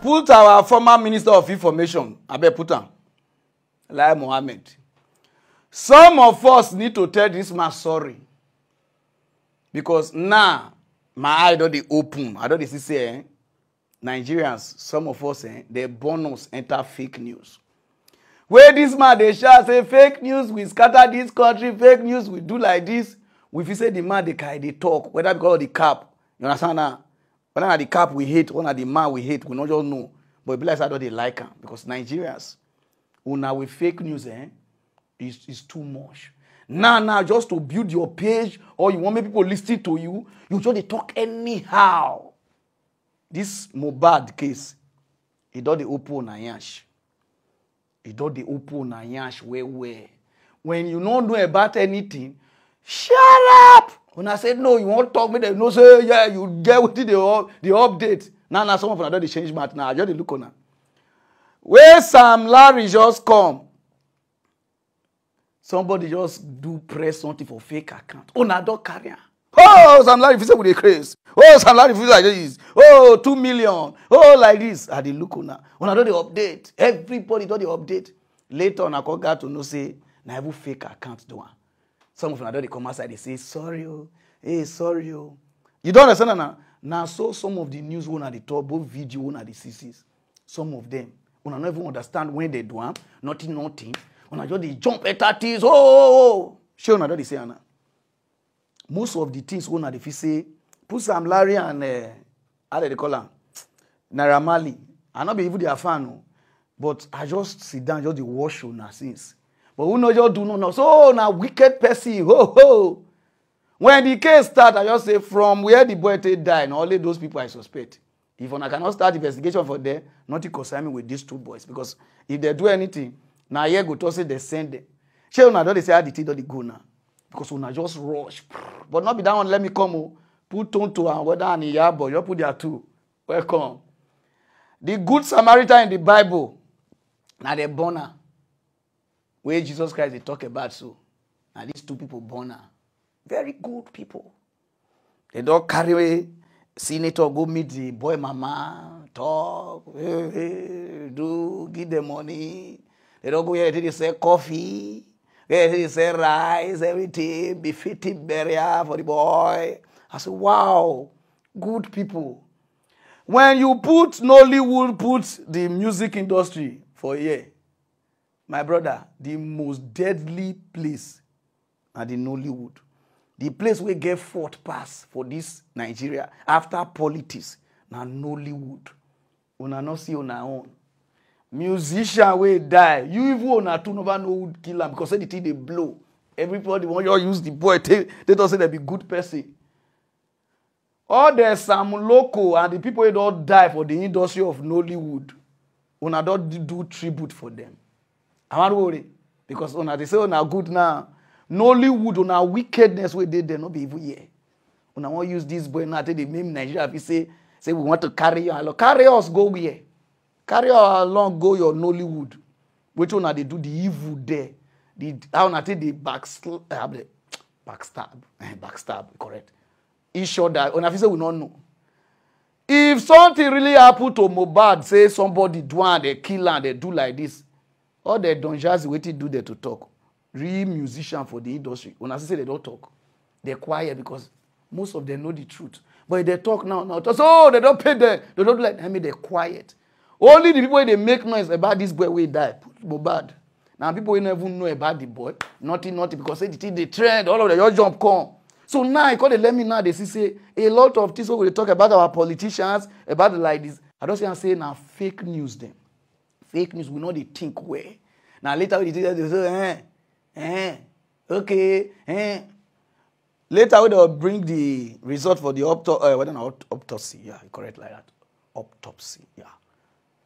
put our former minister of information abeg put am lai mohammed some of us need to tell this man sorry because now my eye don dey open i don dey see say eh, nigerians some of us eh, dey born us enter fake news wey dis man dey shout say fake news we scatter dis country fake news we do like dis we feel say di man dey carry dey talk whether because of di cap you understand na But now the cap we hate, one of the man we hate, we not just know. But people like that, they like him because Nigerians, who now with fake news, eh, is, too much. Now, now, just to build your page or you want make people listen to you, you just talk anyhow. This Mobad case, it e does the open Nayash. It e does the open Nayash where where. When you don't know about anything, shut up! una say no you wan talk make dem know say yeah you get wetin dey up dey update now na some of una don dey change mouth now i just dey look una wey sam larry just come somebody just do press something for fake account una oh, don carry am oh sam larry fit say we dey craze oh sam larry fit say I just. oh two million oh like this i dey look una una don dey update everybody don dey update later una come get to know say na even fake account do am some of una don dey come outside They say sorry oh, hey sorry oh. you don't understand na Now so some of the news one at the top, both video one at the see some of them una no even understand when they do am nothing nothing una just dey jump at that things oh oh oh shey oh. una don say Anna. most of the things wey una the fit say some larry and uh, how dem dey call am naira marley i be even their fan o oh. but i just sit down just dey watch una since but who know just do no know so oh, na wicked person ho ho when the case start i just say from where the boy take die na only those people i suspect if I cannot start investigation for there nothing concern me with these two boys because if they do anything now here go to say they send them shey una don't dey say how the thing don dey go now because una just rush but not be that one let me come o oh. put tonto and whether and boy. you put there too. welcome the good samaritan in the bible na the burner wey jesus christ dey talk about so na these two people born am very good people dem don carry senator go meet the boy mama talk hey, hey, do give dem money dem don go here dey sell coffee there dey sell rice everything be fitting burial for the boy i say wow good people when you put nollywood put the music industry for here my brother the most deadly place na the nollywood the place wey get fourth pass for this nigeria after politics na nollywood una no see una own musician wey die you even una too never know who kill am because say the thing dey blow everybody wan just use the boy take take talk say they be good person all the sam loco and the people wey don die for the industry of nollywood una don do tribute for them amarwore because una dey say una good now nollywood una wickedness wey dey there no be even here una wan use dis boy now take dey make nigeria fit say say we want to carry you along carry us go where carry us along go your nollywood wetin una dey do the evil there the how una take dey eh, backstab backstab eh, backstab correct each other una fit say we no know if something really happen to mohbad say somebody do am dey kill am dey do like this all the don jazzy wetin do there to talk real musician for the industry una see say they don talk they quiet because most of them know the truth but if they talk now now talk oh they don pay them they don do like that make them quiet only the people wey dey make noise about this boy wey die mohbad na people wey no even know about the boy nothing nothing because say the thing dey trend all of them just jump come so now e come dey let me now dey see say a lot of things wey we dey talk about our politicians about like this i don see am say na fake news dem fake news we no they think well Now later they say eh eh okay eh later we will bring the result for the opto uh, eh, whether na Optopsy. yeah correct like that Optopsy. yeah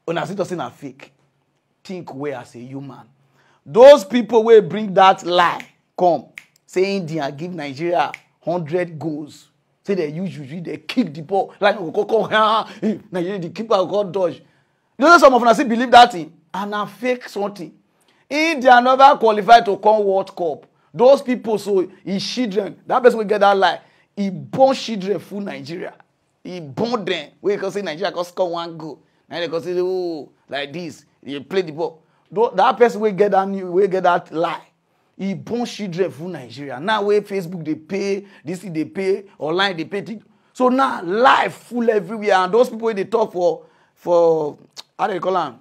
una see to say fake think well as a human those people will bring that lie come say india give nigeria hundred goals say they use juju dem kick the ball like oh, nigeria the keeper got dodge You know some of us believe that thing and na fake something. India never qualified to come World Cup. Those people, so his children, that person will get that lie. He born children full Nigeria. He born them. We can say Nigeria can score one goal. And they can say, oh, like this. They play the ball. That person will get that new, will get that lie. He born children full Nigeria. Now where Facebook they pay, this they pay, online they pay. So now life full everywhere. And those people they talk for for how they you call am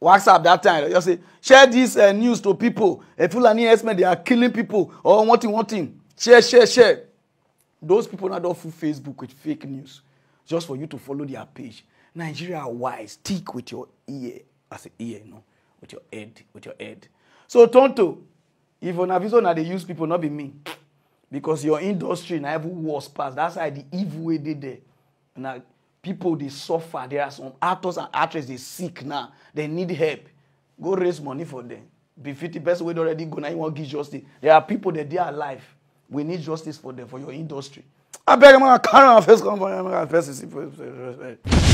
whatsapp that time just say share this uh, news to people uh, fulani herdsmen they are killing people or one thing one thing share share share those people now don full facebook with fake news just for you to follow their page nigeria wise stick with your ear as a ear you know with your head with your head so tonto if una visit una dey use people no be me because your industry na even worse pass that's why the evil wey dey there na people they suffer there are some actors and actresses they sick now they need help go raise money for them be fifty person wey already go now. You wan give justice there are people that they are alive we need justice for them for your industry I beg i carry am first come for am make i